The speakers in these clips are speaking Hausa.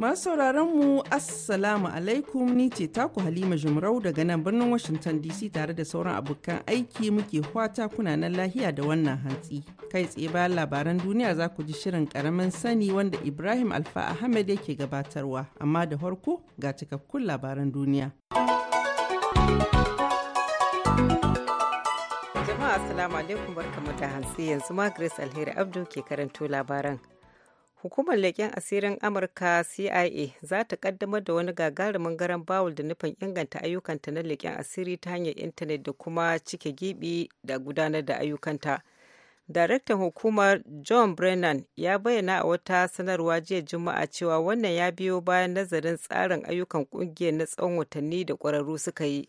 Masu sauraron mu Assalamu alaikum ni ce taku Halima Jumrau daga nan birnin Washington DC tare da sauran abokan aiki muke fata kuna nan lahiya da wannan hantsi. Kai tsaye bayan labaran duniya za ku ji shirin karamin sani wanda Ibrahim Alfa Ahmed yake gabatarwa amma da farko ga cikakkun labaran duniya. Jama'a Assalamu alaikum barkamu mata hantsi yanzu ma Grace Alheri Abdu ke karanto labaran. hukumar leƙen asirin amurka cia za ta kaddamar da wani gagarumin garan bawul da nufin inganta ayyukanta na leƙen asiri ta hanyar intanet da kuma cike gibi da gudanar da ayyukanta daraktan hukumar john brennan ya bayyana a wata sanarwa jiya juma'a cewa wannan ya biyo bayan nazarin tsarin ayyukan kungiyar na tsawon watanni da kwararru suka yi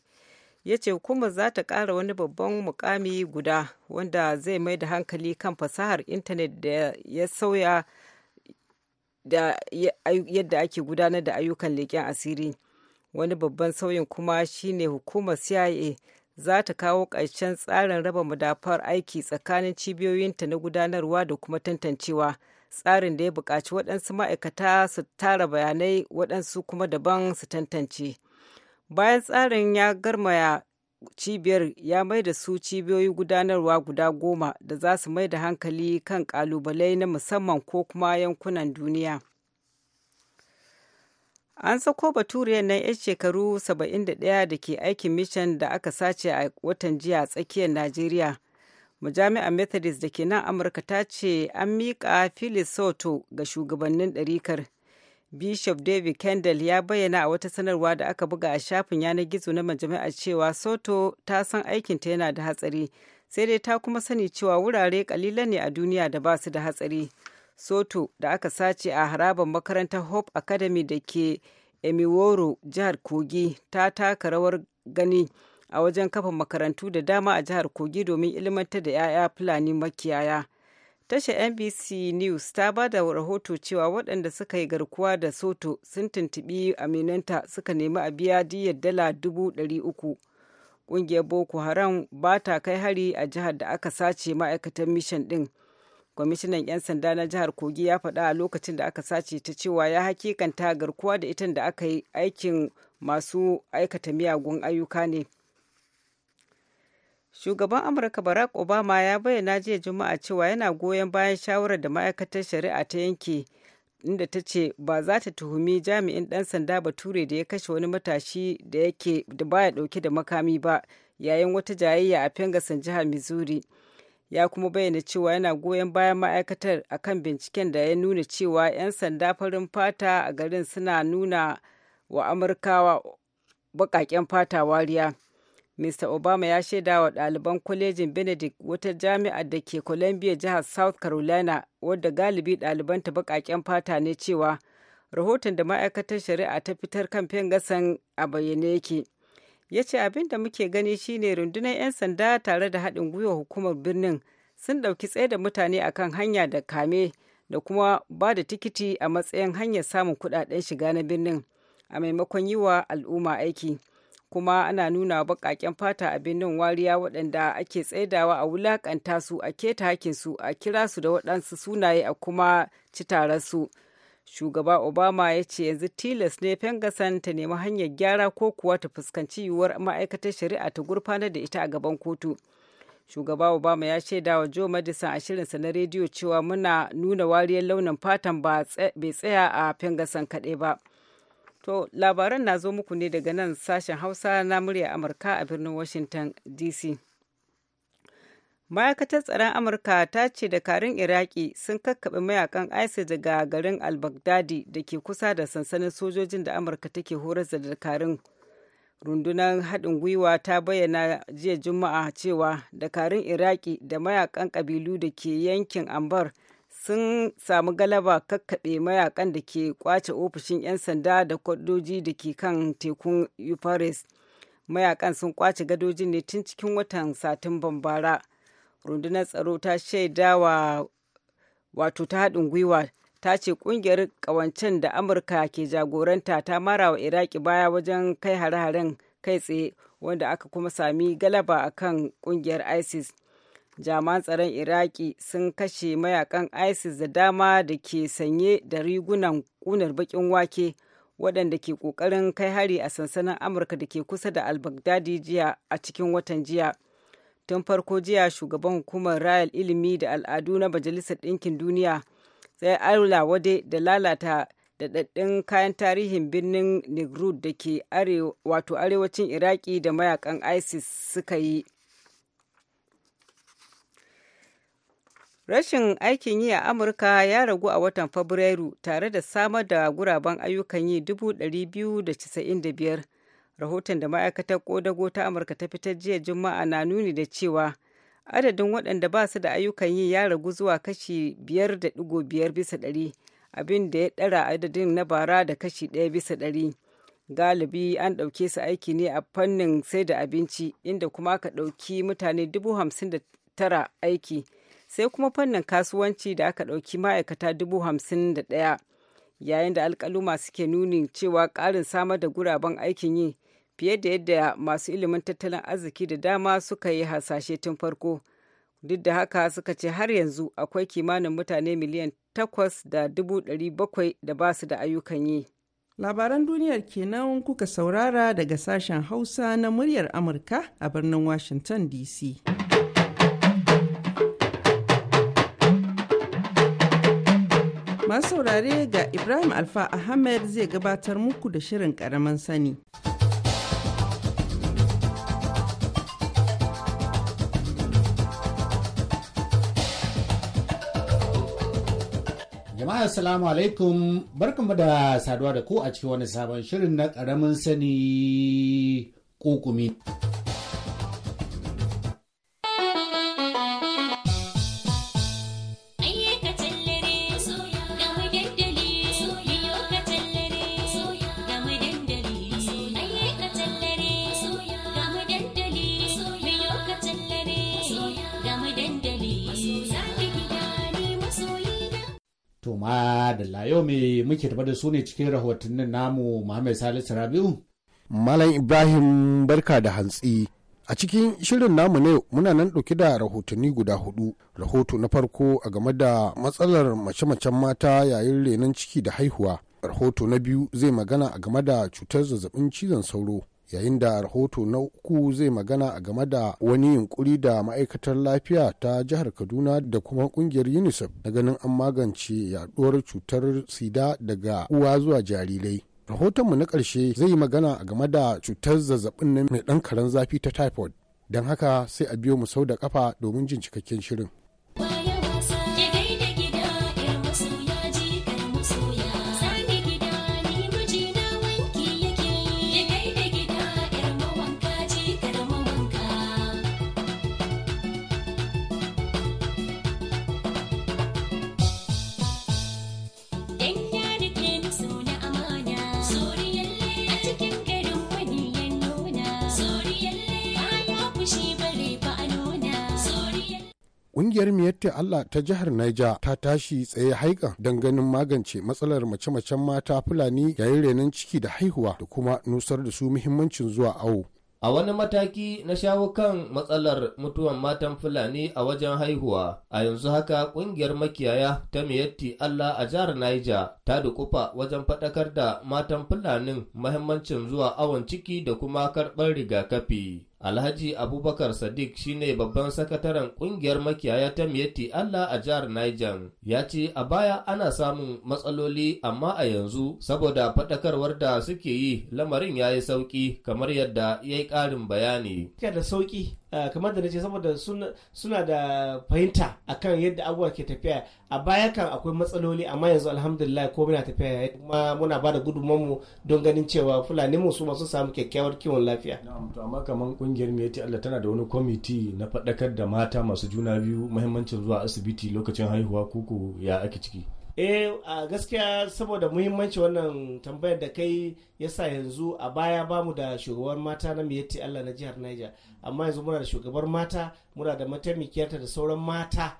ya ce hukumar za ta ƙara wani babban mukami guda wanda zai mai da hankali kan fasahar intanet da ya sauya da yadda ake gudanar da ayyukan leƙen asiri wani babban sauyin kuma shine hukumar cia za ta kawo ƙarshen tsarin raba madafar aiki tsakanin cibiyoyinta na gudanarwa da kuma tantancewa tsarin da ya buƙaci waɗansu ma'aikata su tara bayanai waɗansu kuma daban su tantance bayan tsarin ya garmaya cibiyar ya mai da su cibiyoyi gudanarwa guda goma da za su mai da hankali kan ƙalubalai na musamman ko kuma yankunan duniya. An sako baturiyar nan 'yan shekaru 71 da ke aikin mishan da aka sace a watan jiya a tsakiyar Najeriya. Majami'ar Methodist da ke nan Amurka ta ce an miƙa Phyllis Soto ga shugabannin ɗarikar. Bishop David Kendall ya bayyana a wata sanarwa da aka buga a shafin yanar gizo na majami'a cewa Soto ta san aikinta yana da hatsari, sai dai ta kuma sani cewa wurare kalilan ne a duniya da ba su da hatsari. Soto da aka sace a harabar makarantar Hope Academy da ke Emiworo, jihar Kogi, ta taka rawar gani a wajen kafa makarantu da dama a jihar Kogi domin ilimantar da 'ya'ya Fulani makiyaya. Tashar NBC News ta ba da rahoto cewa waɗanda suka yi garkuwa da Soto sun tuntuɓi aminanta suka nemi a biya diyar dala dubu ɗari uku. Ƙungiyar Boko Haram ba ta kai hari a jihar da aka sace ma'aikatan mishan ɗin. Kwamishinan 'yan sanda na jihar Kogi ya faɗa a lokacin da aka sace ta cewa ya hakikanta garkuwa da itan da aka yi aikin masu aikata miyagun ayyuka ne. Shugaban Amurka Barack Obama ya bayyana jiya Juma'a cewa yana goyon bayan shawarar da ma'aikatar shari'a ta yanke inda ta ce ba za ta tuhumi jami'in dan sanda bature da ya kashe wani matashi da yake da baya ɗauke da makami ba yayin wata jayayya a fengasan jihar Missouri. Ya kuma bayyana cewa yana goyon bayan ma'aikatar akan binciken da ya nuna cewa 'yan sanda farin fata a garin suna nuna wa Amurkawa baƙaƙen fata wariya. Mr. Obama ya shaida wa ɗaliban kwalejin Benedict wata jami'ar da ke Columbia jihar South Carolina wadda galibi ɗalibanta baƙaƙen fata ne cewa rahoton da ma'aikatar shari'a ta fitar kan gasan a bayyane yake. Ya ce abin da muke gani shine rundunar 'yan sanda tare da haɗin gwiwa hukumar birnin sun ɗauki tsaye da mutane akan hanya da kame da kuma ba da tikiti a matsayin hanyar samun kuɗaɗen shiga na birnin a maimakon yi wa al'umma aiki. kuma ana nuna baƙaƙen fata a birnin wariya waɗanda ake tsaidawa a wulaƙanta su a keta hakinsu a kira su da waɗansu sunaye a kuma ci su. shugaba obama ya ce yanzu tilas ne fengasan ta nemi hanyar gyara ko kuwa ta fuskanci yiwuwar ma'aikatar shari'a ta gurfanar da ita a gaban kotu shugaba obama ya ce wa jo madison a shirinsa na rediyo cewa muna nuna wariyar launin fatan bai tsaya a fengasan kaɗai ba To labaran na zo muku ne daga nan sashen Hausa na murya Amurka a birnin Washington DC. Ma'aikatar tsaron Amurka ta ce dakarun Iraki sun kakkaɓe mayakan ISIS daga garin al-Baghdadi da ke kusa da sansanin sojojin da Amurka take horar da dakarun. Rundunar haɗin gwiwa ta bayyana jiya Juma'a cewa dakarun Iraki da mayakan ƙabilu da ke yankin Ambar sun samu galaba kakkaɓe mayakan da ke kwace ofishin 'yan sanda da kwadoji da ke kan tekun euphrates mayakan sun kwace gadojin ne tun cikin watan satin bambara rundunar tsaro ta shaidawa wato ta haɗin gwiwa ta ce ƙungiyar ƙawancen da amurka ke jagoranta ta mara wa iraki baya wajen kai hare-haren kai tsaye wanda aka kuma sami galaba akan ƙungiyar isis jaman tsaron iraki sun kashe mayakan isis da dama da ke sanye da rigunan kunar bakin wake waɗanda ke ƙoƙarin kai hari a sansanin amurka da ke kusa da albagdadi jiya a cikin watan jiya tun farko jiya shugaban hukumar rayal ilimi da al'adu na majalisar ɗinkin duniya sai arula wade da lalata daɗaɗɗin kayan tarihin birnin negrud da ke arewacin iraki da mayakan isis suka yi Rashin aikin yi a Amurka ya ragu a watan Fabrairu tare da samar da guraben ayyukan yi 295. Rahoton da ma'aikatar kodago ta Amurka ta fitar jiya Juma'a na nuni da cewa adadin waɗanda ba su da ayyukan yi ya ragu zuwa kashi 5.5 bisa ɗari abin da ya ɗara adadin na bara da kashi 1 bisa ɗari. Galibi an ɗauke su aiki ne a fannin sai da abinci inda kuma aka ɗauki mutane 59 aiki. sai kuma fannin kasuwanci da aka ɗauki ma'aikata dubu hamsin da ɗaya yayin da alkaluma suke nuni cewa ƙarin samar da guraben aikin yi fiye da yadda masu ilimin tattalin arziki da dama suka yi hasashe tun farko duk da haka suka ce har yanzu akwai kimanin mutane miliyan takwas da dubu ɗari bakwai da ba su da ayyukan yi labaran duniyar kenan kuka saurara daga sashen hausa na muryar amurka a birnin washington dc Masu saurare ga Ibrahim Alfa Ahmed zai gabatar muku da shirin ƙaramin sani. Jama'a Assalamu alaikum barkanmu da saduwa da ku a cikin wani sabon shirin na ƙaramin sani kukumi. muke tafa da su ne cikin rahotannin namu Muhammad Salisu Rabiu. Malam Ibrahim barka da hantsi. A cikin shirin namu ne muna nan ɗauke da rahotanni guda hudu. Rahoto na farko a game da matsalar mace-macen mata yayin renon ciki da haihuwa. Rahoto na biyu zai magana a game da cutar zazzabin cizon sauro. yayin da rahoto na uku zai magana a game da wani yunkuri da ma'aikatar lafiya ta jihar kaduna da kuma kungiyar unicef na ganin an magance yaduwar cutar sida daga uwa zuwa jarirai rahotonmu na ƙarshe zai yi magana a game da cutar zazzabin mai ɗan karen zafi ta typhoid don haka sai a biyo mu sau da kafa domin jin cikakken shirin Betty Allah ta jihar Niger ta tashi tsaye haikan ganin magance matsalar mace-macen mata Fulani yayin renon ciki da haihuwa da kuma nusar da su muhimmancin zuwa awo. A wani mataki na shawo kan matsalar mutuwan matan Fulani a wajen haihuwa, a yanzu haka kungiyar makiyaya ta Miyatti Allah a jihar Niger ta dukufa wajen faɗakar da matan Fulanin mahimmancin zuwa awon ciki da kuma karɓar rigakafi. Alhaji Abubakar Sadiq shine babban sakataren kungiyar makiyaya ta Miyetti Allah a jihar Niger. Ya ce a baya ana samun matsaloli amma a yanzu saboda faɗakarwar da suke yi lamarin ya yi sauƙi kamar yadda ya yi ƙarin bayani. Yake da sauƙi Eh, kamar da na ce saboda suna da fahimta akan yadda abubuwa ke tafiya a baya kan akwai matsaloli amma yanzu alhamdulillah ko muna tafiya kuma muna ba da gudunmanmu don ganin cewa fulani mu su masu samu kyakkyawar kiwon lafiya. amma kamar kungiyar mai Allah tana da wani kwamiti na faɗakar da mata masu juna biyu muhimmancin zuwa asibiti lokacin haihuwa kuku ya ake ciki. eh a gaskiya saboda muhimmanci wannan tambayar da kai yasa yanzu a baya bamu da shugabar mata na miyatti Allah na jihar Niger amma yanzu muna da shugabar mata muna da mataimakiyarta da sauran mata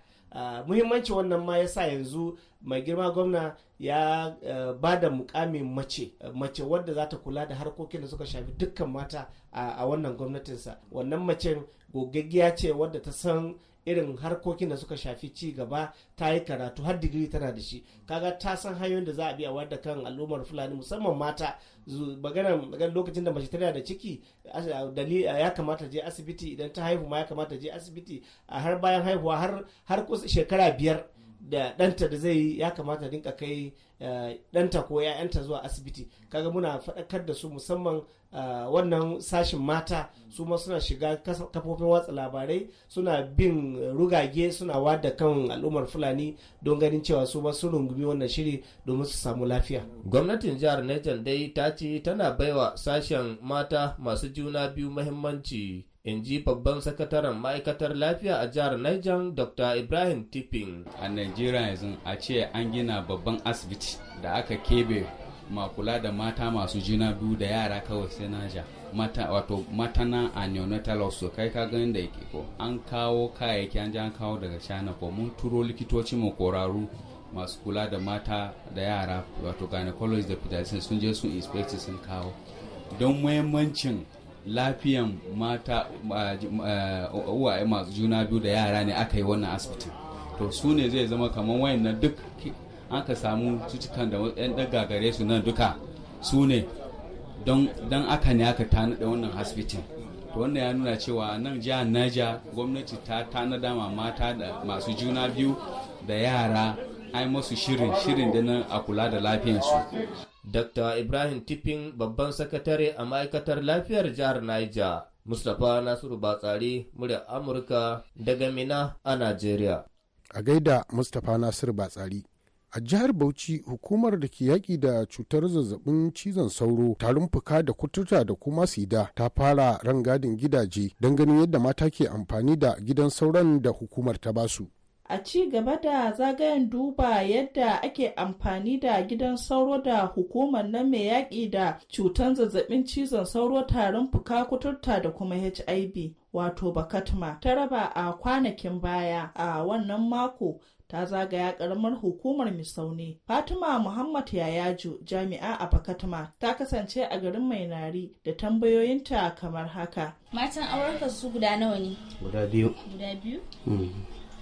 muhimmanci wannan ma yasa yanzu mai girma gwamna ya eh, ba da mukamin mace mace wadda za ta kula da harkokin da suka shafi dukkan mata a, a wannan gwamnatinsa wannan mace gogaggiya ce wadda ta san irin harkokin da suka shafi ci gaba ta yi karatu har digiri tana da shi kaga ta san hanyoyin da za a bi a wadda kan al'ummar fulani musamman mata magana lokacin da mace tana da ciki ya kamata je asibiti idan ta haihu ma ya kamata je asibiti har bayan haihuwa har shekara biyar da ɗanta da zai ya kamata dinka kai eh, ɗanta ko ‘ya'yanta zuwa asibiti kaga muna faɗakar da su musamman eh, wannan sashin mata su ma suna shiga kafofin watsa labarai suna bin rugage suna wada kan al'ummar fulani don ganin cewa su ma sun rungumi wannan shiri domin su samu lafiya gwamnatin jihar niger dai ta ce tana baiwa sashen mata masu juna biyu mahimmanci in ji babban sakataren ma'aikatar lafiya a jihar Niger Dr. Ibrahim Tipin. A Najeriya yanzu a ce an gina babban asibiti da aka kebe ma kula da mata masu jina biyu da yara kawai sai naja. Mata, wato matana a neonatal so kai ka ganin da yake ko an kawo kayayyaki an an kawo daga china ko mun turo likitoci mu koraru masu kula da mata da yara wato gynecologist da pediatrician sun je sun inspect sun kawo don muhimmancin lafiyan mata uwaye masu juna biyu da yara ne aka yi wannan asibitin to su ne zai zama kamar wayannan duk aka samu cutukan da yan gagare su nan duka su ne don aka ne aka tanada wannan asibitin to wannan ya nuna cewa nan jihar naija gwamnati ta tanada ma mata da masu juna biyu da yara ai masu shirin shirin da nan a kula da lafiyansu Dr. Ibrahim Tipping babban sakatare a ma'aikatar lafiyar jihar Niger, Mustapha Nasiru Batsari, muryar Amurka daga Mina a Najeriya. A gaida Mustapha Nasiru Batsari. A jihar Bauchi hukumar da ke yaƙi da cutar zazzabin cizon sauro, tarin fuka da kuturta da kuma sida ta fara rangadin gidaje don ganin yadda mata ke amfani da gidan sauran da hukumar ta basu. a ci gaba da zagayen duba yadda ake amfani da gidan sauro da hukumar nan mai yaƙi da cutar zazzabin cizon sauro tarin fuka kuturta da kuma hiv wato bakatma ta raba a kwanakin baya a wannan mako ta zagaya karamar hukumar misauni fatima muhammad Yayaju, jami'a a Bakatma, ta kasance a garin mai nari da tambayoyinta kamar haka matan aurarka su guda nawa ne guda biyu guda biyu mm.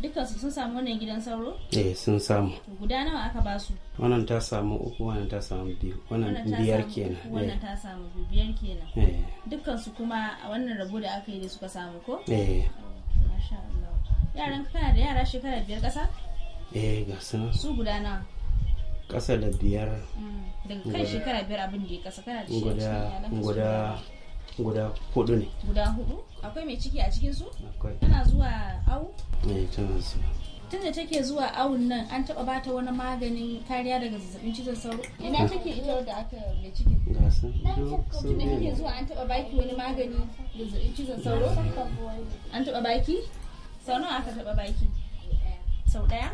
dukansu sun samu wannan gidan sauro? eh sun samu guda nawa aka ba su wannan ta samu uku wannan ta samu biyu wannan biyar kenan wannan ta samu eh. biyar kenan Eh. dukansu kuma a wannan rabo da aka yi da suka samu ko eh masha Allah yaran kana da yara shekara biyar kasa eh ga su su guda nawa kasa da biyar mm. daga kai shekara biyar abin da ya kasa kana da shi guda guda hudu ne guda hudu akwai mai ciki a cikin su tana zuwa awu eh tana zuwa tun da take zuwa awun nan an taba bata wani maganin kariya daga zazzabin cizon sauro ina hmm. take ita da aka mai ciki sun da kike zuwa an taba baki wani magani zazzabin cizon sauro an taba baki sau nawa aka taba baki sau daya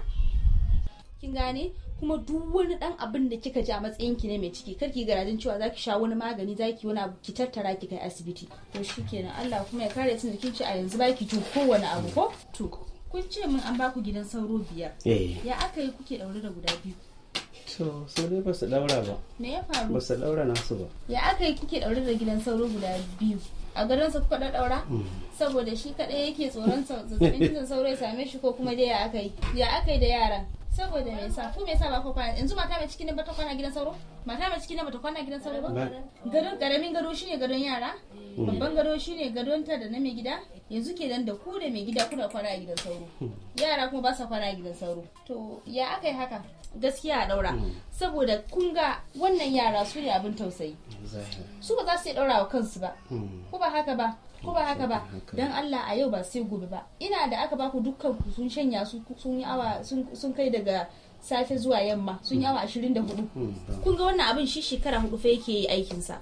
kin gane kuma duk wani dan abin da kika ji a matsayin ki ne mai ciki kar ki garajin cewa zaki sha wani magani zaki wani abu ki tattara ki kai asibiti to shikenan Allah kuma ya kare tun jikin ki a yanzu baki jin kowane abu ko to kun ce min an baku gidan sauro biyar eh. ya aka yi kuke daure da guda biyu to so dai ba su daura ba me ya faru ba su daura nasu ba ya aka yi kuke daure da gidan sauro guda biyu a garin sa kuka daura mm. saboda shi kadai yake tsoron zazzabin cizon sauro ya same shi ko kuma dai ya aka yi ya aka yi da yaran saboda me yasa ko me yasa ba ku kwana yanzu mata mai ciki ne bata kwana gidan sauro mata mai ciki ne bata kwana gidan sauro ba gadon karamin gado shine gadon yara mm. babban gado shine gadon ta da na mai gida yanzu kenan da ku da mai gida kuna kwana gidan sauro hmm. yara kuma ba sa kwana gidan sauro to ya aka yi haka gaskiya a daura hmm. saboda kun ga wannan yara su ne abin tausayi su ba za su iya daura wa kansu ba hmm. ko ba haka ba ko ba haka ba don Allah a yau ba sai gobe ba ina da aka baku dukkan ku sun shanya sun awa sun kai daga safe zuwa yamma sun yi awa 24 hmm. kun ga wannan abin shi shekara hudu fa yake yi aikin sa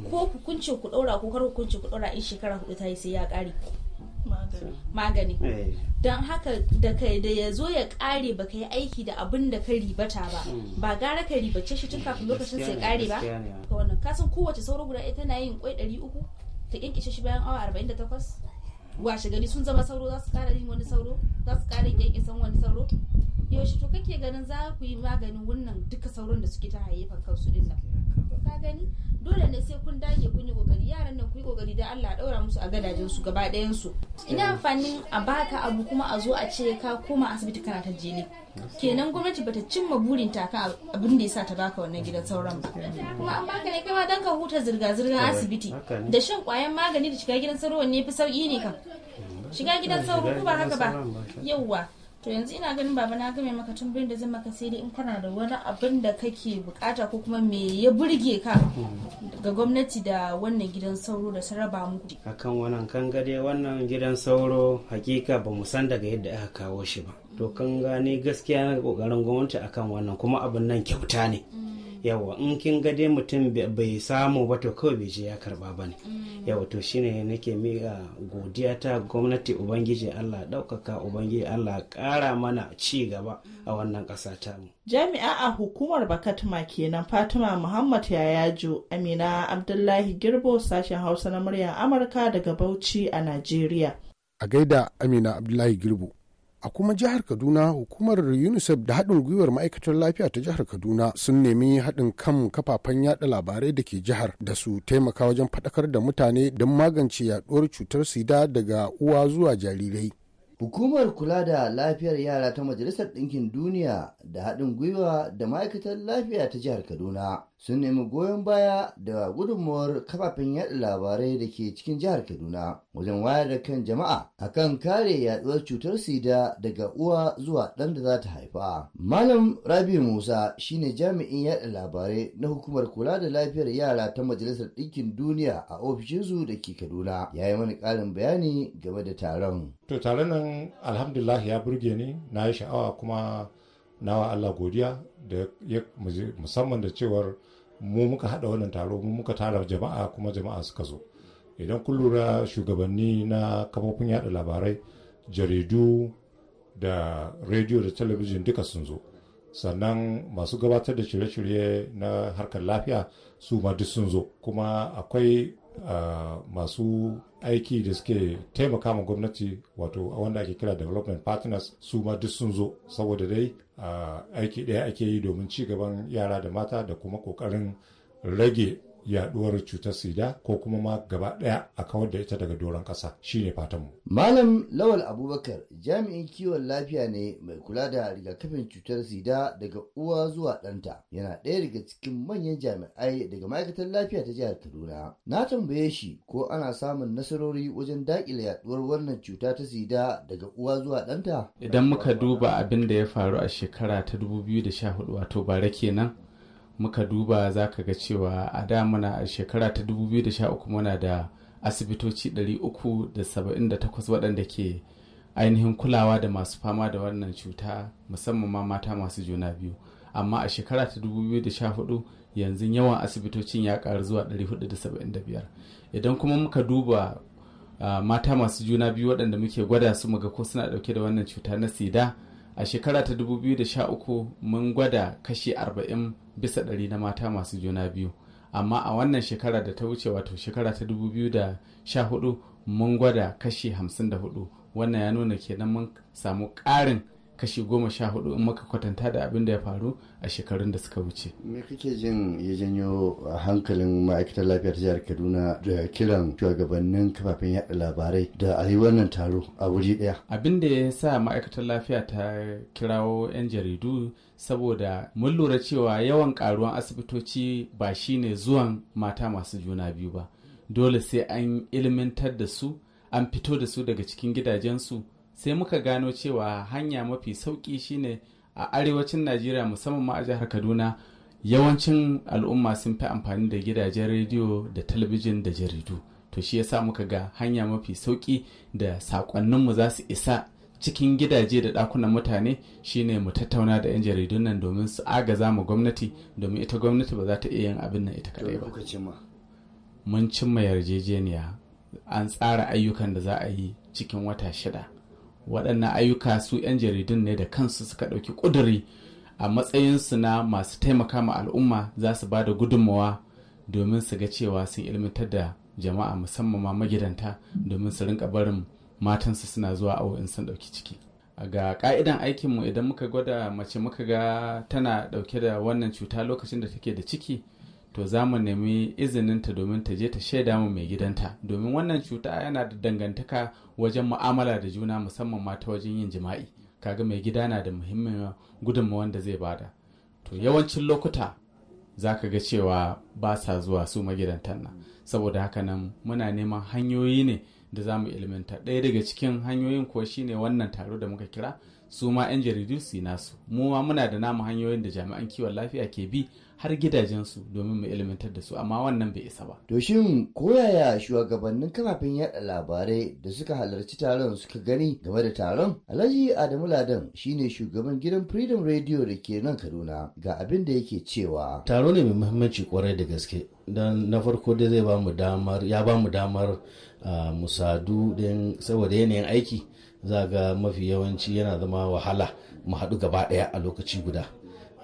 hmm. ko ku kunce ku daura ko kar ku kunce ku daura in shekara hudu ta yi sai ya kare magani eh. don haka da kai da ya zo ya kare baka yi aiki da abin da ka ribata ba hmm. ba gara ka ribace shi tun kafin lokacin sai kare ba wannan kasan kowace sauro guda ita na yin kwai 300 ta kyankishe shi bayan awa 48 washe gari sun zama sauro za su kara yin wani sauro za su kara kyankisan wani sauro yaushe to kake ganin za ku yi maganin wannan duka sauran da suke ta hayyafan kansu din nan ka gani dole ne sai kun dage kun yi kokari yaran nan ku yi kokari da Allah daura musu a gadajen su gaba ɗayan su ina eh. amfanin a baka abu kuma a zo a ce ka koma asibiti kana ta jini kenan gwamnati bata cimma burin ta kan abin da yasa ta baka wannan gidan sauran ba kuma an baka ne kama dan ka huta zirga zirga asibiti da shan kwayan magani da shiga gidan sauro ne fi sauki ne kan mm, shiga gidan sauro ko ba haka ba yauwa to yanzu ina ganin baba na game maka tambayin da zan maka sai dai in kana da wani abin da kake bukata ko kuma me ya burge ka ga gwamnati da wannan gidan sauro da saraba muku akan wannan kan gade wannan gidan sauro hakika ba mu san daga yadda aka kawo shi ba to kan gane gaskiya na kokarin gwamnati akan wannan kuma abin nan kyauta ne mm. yawa in kin ga dai mutum bai samu ba to kawai bai je ya karba ba ne mm. yawa to shine nake miƙa godiya ta gwamnati ubangiji Allah ɗaukaka ubangiji Allah ƙara mana ci gaba a wannan ƙasa ta mu jami'a a hukumar bakatuma kenan fatima muhammad yayajo amina abdullahi girbo sashen hausa na muryar amurka daga bauchi a najeriya a gaida amina abdullahi girbo a kuma jihar kaduna hukumar unicef da haɗin gwiwar ma'aikatar lafiya ta jihar kaduna sun nemi haɗin kan kafafen yada labarai da ke jihar da su taimaka wajen faɗakar da mutane don magance yaɗuwar cutar sida daga uwa zuwa jarirai Hukumar kula da lafiyar yara ta Majalisar Ɗinkin Duniya da haɗin gwiwa da ma'aikatar lafiya ta jihar Kaduna sun nemi goyon baya da gudunmuwar kafafen yaɗa labarai da ke cikin jihar Kaduna wajen wayar da kan jama'a akan kare yaduwar cutar sida daga uwa zuwa ɗan da za ta haifa. Malam Rabi Musa shine jami'in yaɗa labarai na hukumar kula da lafiyar yara ta Majalisar Ɗinkin Duniya a ofishinsu da ke Kaduna ya yi mana ƙarin bayani game da taron. To taron nan alhamdulillah ya burge ni na yi sha'awa kuma nawa Allah godiya da musamman da cewar mu muka haɗa wannan taro mu muka tara jama'a kuma jama'a suka zo idan kun lura shugabanni na kafofin yada labarai jaridu da rediyo da talabijin duka sun zo sannan masu gabatar da shirye-shirye na harkar lafiya su ma duk sun zo kuma akwai masu aiki da suke taimaka ma gwamnati wato wanda ake kira development partners su ma duk sun zo saboda dai aiki ɗaya ake yi domin ci gaban yara da mata da kuma ƙoƙarin rage yaduwar cutar sida ko kuma ma gaba daya a kawar da ita daga doron kasa shine fatanmu. Malam Lawal Abubakar jami'in kiwon lafiya ne mai kula da rigakafin cutar sida daga uwa zuwa ɗanta yana ɗaya daga cikin manyan jami'ai daga ma'aikatar lafiya ta jihar Kaduna. Na tambaye shi ko ana samun nasarori wajen daƙile yaduwar wannan cuta ta sida daga uwa zuwa ɗanta. Idan muka duba abin da ya faru a shekara ta da sha hudu, wato bara kenan muka duba za ka ga cewa a da muna a shekara ta 2013 muna da asibitoci 378 waɗanda ke ainihin kulawa da masu fama da wannan cuta musamman ma mata masu juna biyu amma a shekara ta 2014 yanzu yawan asibitocin ya ƙaru zuwa 475 idan kuma muka duba uh, mata masu juna biyu waɗanda muke gwada su muga ko suna ɗauke da wannan cuta na sida a shekara ta 2013 mun gwada kashi 40 bisa ɗari na mata masu juna biyu amma a wannan shekara da ta wuce wato shekara ta dubu biyu da sha hudu mun gwada kashi hamsin da hudu wannan ya nuna kenan mun samu ƙarin kashi goma sha hudu in maka kwatanta da abin da ya faru a shekarun da suka wuce. Me kake jin ya janyo hankalin ma'aikatar lafiyar jihar Kaduna da kiran shugabannin kafafen yaɗa labarai da a yi wannan taro a wuri ɗaya? Abin da ya sa ma'aikatar lafiya ta kirawo 'yan jaridu saboda mun lura cewa yawan karuwan asibitoci ba shine zuwan mata masu juna biyu ba. Dole sai an ilmantar da su, an fito da su daga cikin gidajensu. sai muka gano cewa hanya mafi sauki shine a arewacin najeriya musamman ma a jihar kaduna yawancin al'umma sun fi amfani da gidajen rediyo da talabijin da jaridu to shi yasa muka ga hanya mafi sauƙi da sakonninmu za su isa cikin gidaje da ɗakunan mutane shine mu tattauna da 'yan jaridun nan domin su agaza mu gwamnati domin ita gwamnati ba za ta iya yin abin nan ita kadai ba mun cimma yarjejeniya an tsara ayyukan da za a yi cikin wata shida waɗannan ayyuka su 'yan jaridun ne da kansu suka ɗauki ƙuduri a matsayinsu na masu taimaka ma al'umma za su ba da gudunmawa domin su ga cewa sun ilmantar da jama'a musamman ma magidanta domin su rinka barin matansu suna zuwa awo in sun ɗauki ciki ga ka'idan aikinmu idan muka gwada mace muka ga tana ɗauke da wannan cuta lokacin da take da ciki to za mu nemi izininta domin ta je ta shaida mu mai gidanta domin wannan cuta yana da dangantaka wajen mu'amala da juna musamman mata wajen yin jima'i kaga mai gida na da muhimmin gudunmawar da zai bada to yawancin lokuta za ka ga cewa ba sa zuwa su magidantan nan saboda haka nan muna neman hanyoyi ne da za mu ilminta ɗaya daga cikin hanyoyin shi shine wannan taro da muka kira su ma 'yan jaridu su nasu mu ma muna da namu hanyoyin da jami'an kiwon lafiya ke bi har gidajensu domin mu ilmantar da su amma wannan bai isa ba. To shin koyaya shugabannin kafafen yaɗa labarai da suka halarci taron suka gani game da taron? Alhaji Adamu Ladan shine shugaban gidan Freedom Radio da ke nan Kaduna ga abin da yake cewa. Taro ne mai muhimmanci kwarai da gaske. dan na farko dai zai bamu damar ya ba damar mu sadu don saboda yanayin aiki za ga mafi yawanci yana zama wahala mu haɗu gaba ɗaya a lokaci guda.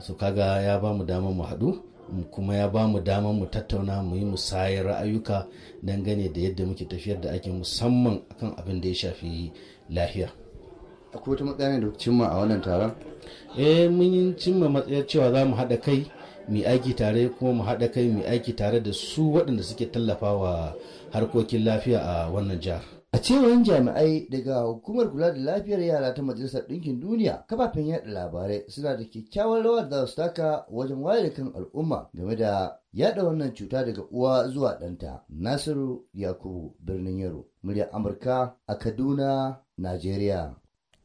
so kaga ya ba mu damar mu haɗu kuma ya ba mu damar mu tattauna mu yi musayar ra'ayuka dangane da yadda muke tafiyar da ake musamman akan abin da ya shafi lafiya akwai wata matsaya da cimma a wannan taron eh mun yi cimma matsayar cewa za mu haɗa kai mu aiki tare kuma mu haɗa kai mu aiki tare da su waɗanda suke tallafawa harkokin lafiya a wannan jihar A cewar jami'ai daga hukumar kula da lafiyar yara ta Majalisar Ɗinkin Duniya, kafafen yaɗa labarai suna da kyakkyawar rawa da su taka wajen wayar kan al'umma game da yaɗa wannan cuta daga uwa zuwa ɗanta. Nasiru Yakubu Birnin Yaro, muryar Amurka a Kaduna, Najeriya.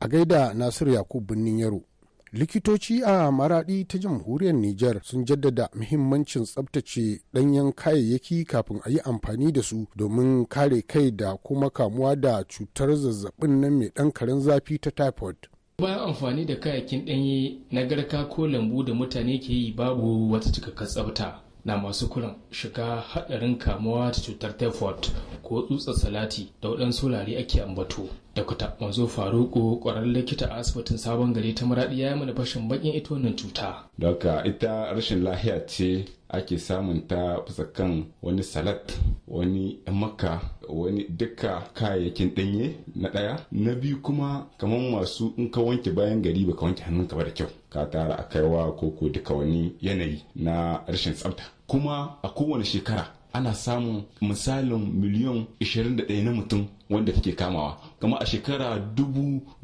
A gaida Nasiru Yakubu Birnin Yaro. likitoci a maradi ta jamhuriyar niger sun jaddada muhimmancin tsabtace danyen kayayyaki kafin a yi amfani da su domin kare kai da kuma kamuwa da cutar zazzabin nan mai dan karen zafi ta typhoid bayan amfani da kayakin ɗanye na garka ko lambu da mutane ke yi babu wata cikakkar tsabta na masu kuran shiga haɗarin kamuwa da cutar typhoid ko tsutsar salati da waɗansu wurare ake ambato Dakta Manzo Faruku ƙwararren likita a asibitin Sabon Gari ta Maraɗi ya yi mana fashin bakin ita wannan cuta. Daka ita rashin lahiya ce ake samun ta bisa kan wani salat, wani maka, wani duka kayayyakin ɗanye na ɗaya. Na biyu kuma kamar masu in ka wanke bayan gari baka wanke hannunka ba da kyau. Ka tara a kaiwa ko ko duka wani yanayi na rashin tsafta. Kuma a kowane shekara ana samun misalin miliyan 21 na mutum wanda take kamawa kama a shekara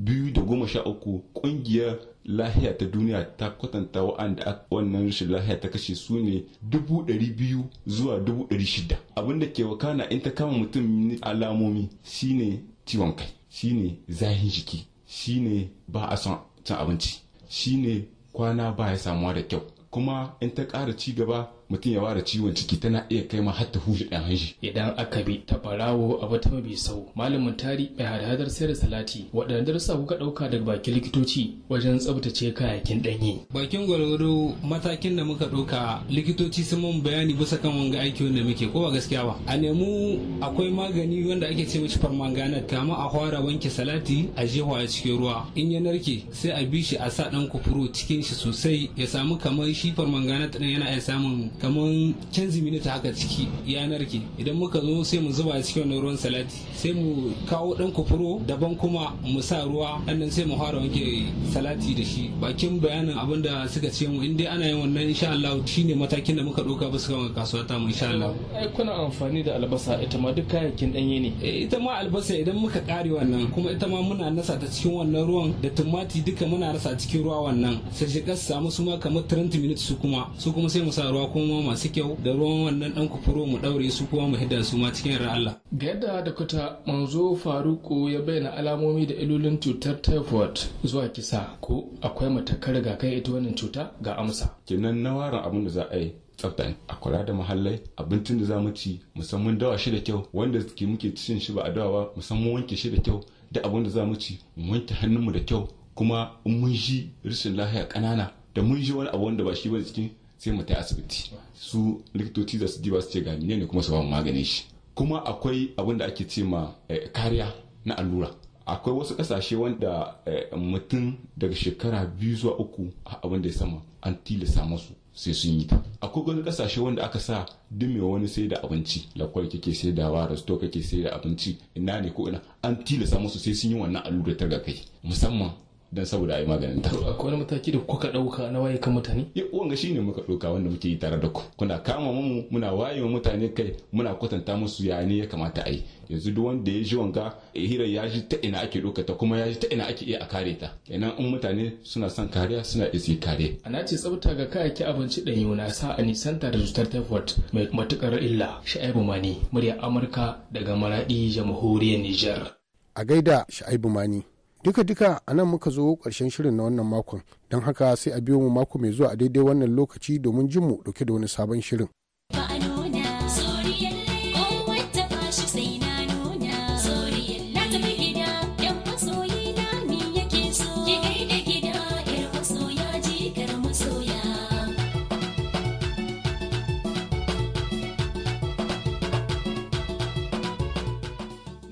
2013 kungiyar lahiya ta duniya ta kwatanta wa'anda wannan rashin lahiya ta kashe su ne 200,000 zuwa 600 abinda ke wakana in ta kama mutum alamomi shine ciwon kai shine zahin jiki shine ba a son cin abinci shine kwana ba ya samuwa da kyau kuma in ta ƙara ci gaba mutum ya ware ciwon ciki tana iya kai ma har ta huje ɗan hanshi. Idan aka bi ta barawo abu ta mabi sau malamin tari mai hadadar sayar salati waɗanda darussa kuka ɗauka daga bakin likitoci wajen tsabtace kayayyakin ɗanye. Bakin gwargwado matakin da muka ɗauka likitoci sun mun bayani bisa kan ga aiki wanda muke ko ba gaskiya ba. A nemu akwai magani wanda ake ce mishi farmanganat kama a fara wanke salati a jefa a cikin ruwa in ya narke sai a bi shi a sa ɗan kufuru cikin shi sosai ya samu kamar shi farmanganat din yana iya samun kamar canzi minita haka ciki yanar ke idan muka zo sai mu zuba cikin wani ruwan salati sai mu kawo dan kufuro daban kuma mu sa ruwa annan sai mu fara wanke salati da shi bakin bayanin abin da suka ce mu in dai ana yin wannan insha Allah shine matakin da muka doka ba su kan kasuwa ta mu insha Allah ai kuna amfani da albasa ita ma duk kayakin danye ne eh, ita ma albasa idan muka kare wannan kuma ita ma muna nasa ta cikin wannan ruwan da tumati duka muna rasa cikin ruwa wannan sai shi samu su ma kamar 30 minutes su kuma su kuma sai mu sa ruwa kuma kuma masu kyau da ruwan wannan dan kufuro mu daure su kuma mu hidda su ma cikin yarda Allah ga yadda dakta manzo faruku ya bayyana alamomi da ilolin cutar typhoid zuwa kisa ko akwai matakar kai ita wannan cuta ga amsa kinan na waran abin da za a yi tsafta a kula da muhallai abincin da za mu ci musamman dawa shi da kyau wanda ke muke cin shi ba a dawa ba musamman wanke shi da kyau da abin da za mu ci mu wanke hannunmu da kyau kuma in mun shi rashin lafiya ƙanana da mun ji wani abu wanda ba shi ba cikin sai mu ta asibiti su likitoci da su diba su ce ga ne kuma su ba mu maganin shi kuma akwai abin da ake ce ma eh, kariya na allura akwai wasu kasashe wanda eh, mutum daga shekara biyu zuwa uku abin da ya sama an tilasa masu sai sun yi ta akwai wasu kasashe wanda aka sa dume wani sai da abinci lakwal kake sai da wa rasto kake sai da abinci ina ne ko ina an tilasa masu sai sun yi wannan allura ta ga kai musamman don saboda a yi maganin ta. Akwai wani mataki da kuka ɗauka na waye kan mutane? Ya wanga shi ne muka ɗauka wanda muke yi tare da ku. Kuna kama mu muna waye wa mutane kai muna kwatanta musu ya ne ya kamata a yi. Yanzu duk wanda ya ji wanga eh, hira ya ji ta ina ake ɗauka ta kuma ya ji ta ina ake iya a kare ta. ina in mutane suna son kariya suna yi kare. na ce tsafta ga kayayyaki abinci ɗanyo na sa a nisanta da cutar taifot mai matuƙar illa. Sha'ibu Mani, murya Amurka daga Maraɗi, jamhuriyar Nijar. A gaida Sha'ibu Mani. duka-duka a nan muka zo ƙarshen shirin na wannan makon don haka sai a biyo mu mako mai zuwa a daidai wannan lokaci domin jin mu ɗauke da wani sabon shirin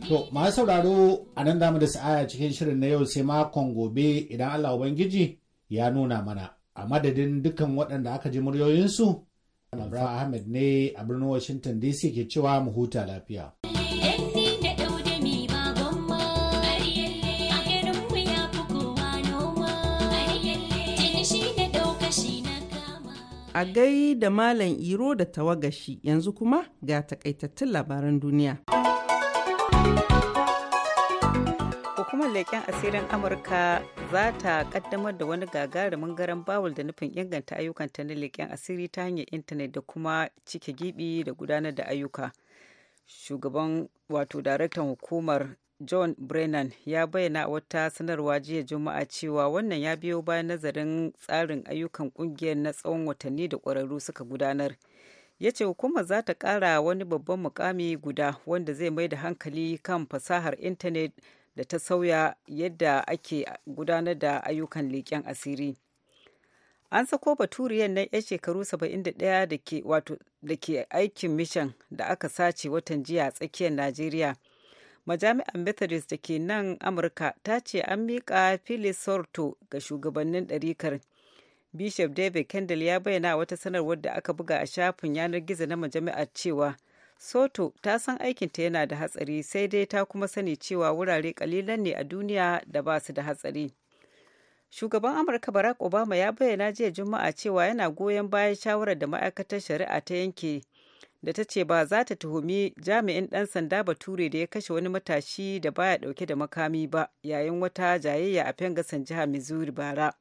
To, masu sauraro a nan damu da sa'aya cikin shirin na yau sai makon gobe idan Allah Ubangiji ya nuna mana. A madadin dukkan waɗanda aka ji muryoyinsu, Abraham Ahmed ne a birnin Washington DC ke cewa mu huta lafiya. A gai da Malam Iro da tawagashi yanzu kuma ga takaitattun labaran duniya. kuma leƙen asirin amurka za ta kaddamar da wani gagarumin garan bawul da nufin inganta ayyukan ta na leƙen asiri ta hanyar intanet da kuma cike gibi da gudanar da ayyuka shugaban wato daraktan hukumar john brennan ya bayyana wata sanarwa jiya juma'a cewa wannan ya biyo bayan nazarin tsarin ayyukan kungiyar na tsawon watanni da kwararru suka gudanar ya ce hukumar za ta ƙara wani babban mukami guda wanda zai mai da hankali kan fasahar intanet da ta sauya yadda ake gudanar da ayyukan leƙen asiri an sako baturiyar nan 'yan shekaru 71 da ke aikin mishan da aka sace watan jiya a tsakiyar najeriya majami'ar methodist da ke nan amurka ta ce an miƙa phyllis sorto ga shugabannin ɗarikar bishop david kendall ya bayyana wata sanarwar da aka buga a shafin yanar gizo na majami'ar cewa Soto ta san aikinta yana da hatsari sai dai ta kuma sani cewa wurare kalilan ne a duniya da ba su da hatsari. Shugaban Amurka Barack Obama ya bayyana jiya Juma'a cewa yana goyon bayan shawarar da ma'aikatar shari'a ta yanke da ta ce ba za ta tuhumi jami'in ɗan sanda ba ture da ya kashe wani matashi da baya ɗauke da makami ba yayin wata jayayya a fengasan jihar Missouri bara.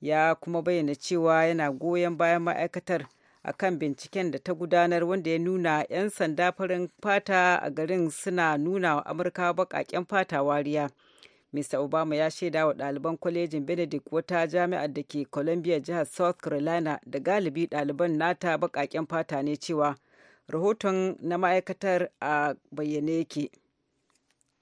Ya kuma bayyana cewa yana goyon bayan ma'aikatar a kan binciken da ta gudanar wanda ya nuna 'yan sanda farin fata a garin suna nuna wa amurka baƙaƙen fata wariya mr obama ya shaida wa ɗaliban kwalejin benedict wata jami'ar da ke columbia jihar south carolina da galibi ɗaliban nata baƙaƙen fata ne cewa rahoton na ma'aikatar a bayyane yake.